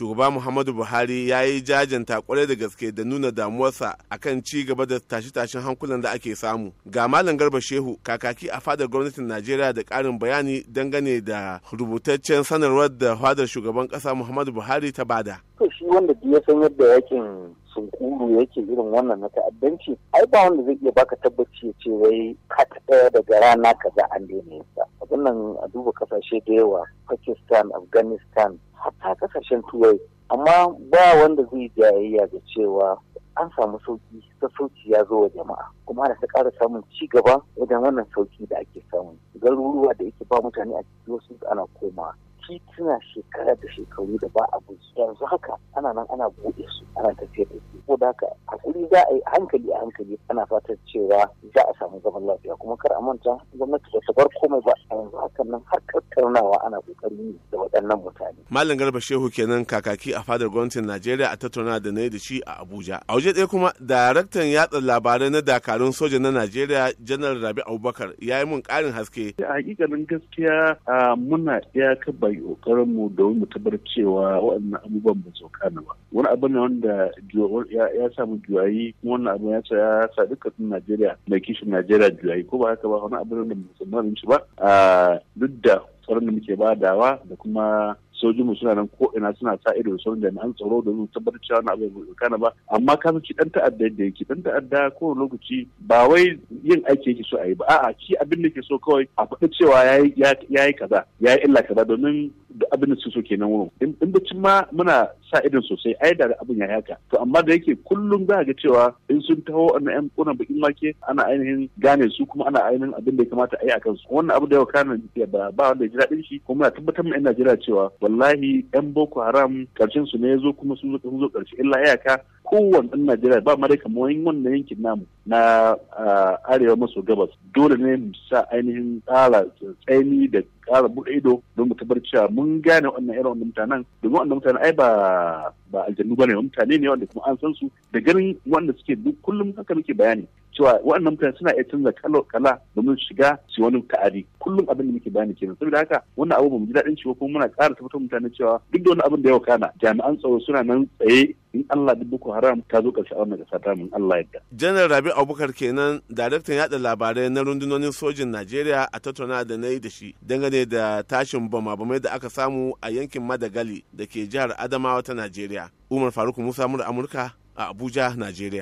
shugaba muhammadu buhari ya yi jajanta kwarai da gaske da nuna damuwarsa akan ci gaba da tashe-tashen hankulan da ake samu ga malam garba shehu kakaki a fadar gwamnatin najeriya da karin bayani dangane da rubutaccen sanarwar da fadar shugaban kasa muhammadu buhari ta bada shi wanda ya san yadda yakin sunkuru yake irin wannan na ta'addanci ai ba wanda zai iya baka tabbaci ya ce wai kat ɗaya daga rana kaza an daina yasa a duba kasashe da yawa pakistan afghanistan hatta kasashen turai amma ba wanda zai jayayya da cewa an samu sauki sauki ya zo wa jama'a kuma da ta ƙara samun ci gaba wajen wannan sauki da ake samu garuruwa da yake ba mutane a ciki wasu ana koma tituna shekara da shekaru da ba a yanzu haka ana nan ana buɗe su ana tafiya da su ko da haka hakuri za a yi hankali a hankali ana fatan cewa za a samu zaman lafiya kuma kar a manta gwamnati da ta bar komai ba a yanzu hakan nan har tattaunawa ana kokari da waɗannan mutane. Malam Garba Shehu kenan kakaki a fadar gwamnatin Najeriya a tattauna da na da shi a Abuja. A waje ɗaya kuma daraktan yatsa labarai na dakarun soja na Najeriya Janar Rabi Abubakar ya yi mun ƙarin haske. A hakikanin gaskiya muna iyakar bai ƙoƙarin mu domin mu tabbatar cewa waɗannan abubuwan ba su kana ba. Wani abu ne wanda ya samu kuma wannan abin ya ya sa dukkan Najeriya da kishin Najeriya juwayi ko ba haka ba wani abin da musamman shi ba duk da tsaron da muke badawa da kuma sojinmu suna nan ko ina suna sa ido da An tsaro domin tabbatar cewa na abin kana ba amma ka ci dan ta'adda da yake dan ta'adda ko lokaci ba wai yin aiki yake so a yi ba a'a shi abin da ke so kawai a faɗi cewa ya yi kaza ya yi illa kaza domin da abin da su so kenan wurin in bacin ma muna sa idan sosai ai da abin ya haka to amma da yake kullum za ga cewa in sun taho na yan kunan bakin wake ana ainihin gane su kuma ana ainihin abin da ya kamata a yi a kansu wannan abu da yau kana ba ba wanda ya ji daɗin shi kuma muna tabbatar mu yan Najeriya cewa wallahi yan Boko Haram karshen su ne ya zo kuma sun zo karshe illa iyaka kowane ɗan Najeriya ba ma dai kamar wannan yankin namu na arewa maso gabas dole ne mu sa ainihin tsara tsaini da ƙara buɗe ido don mu tabbatar cewa mun gane wannan irin wannan mutanen domin wannan mutanen ai ba ba aljannu bane mutane ne wanda kuma an san su da ganin wanda suke duk kullum haka muke bayani cewa waɗannan mutane suna iya canza kala kala domin shiga su wani ta'adi kullum abin da muke bayani kenan saboda haka wannan abu bamu ji daɗin cewa kuma muna ƙara tabbatar mutane cewa duk da wani abin da yau kana jami'an tsaro suna nan tsaye in Allah duk Boko Haram ta zo ƙarshe a wannan ƙasa ta mun Allah yadda. Janar Rabi Abubakar kenan daraktan yaɗa labarai na rundunonin sojin Najeriya a tattauna da na yi da shi dangane da tashin bama-bamai da aka samu a yankin Madagali da ke jihar Adamawa ta Najeriya. Umar Faruk Musa Mura Amurka a Abuja, Najeriya.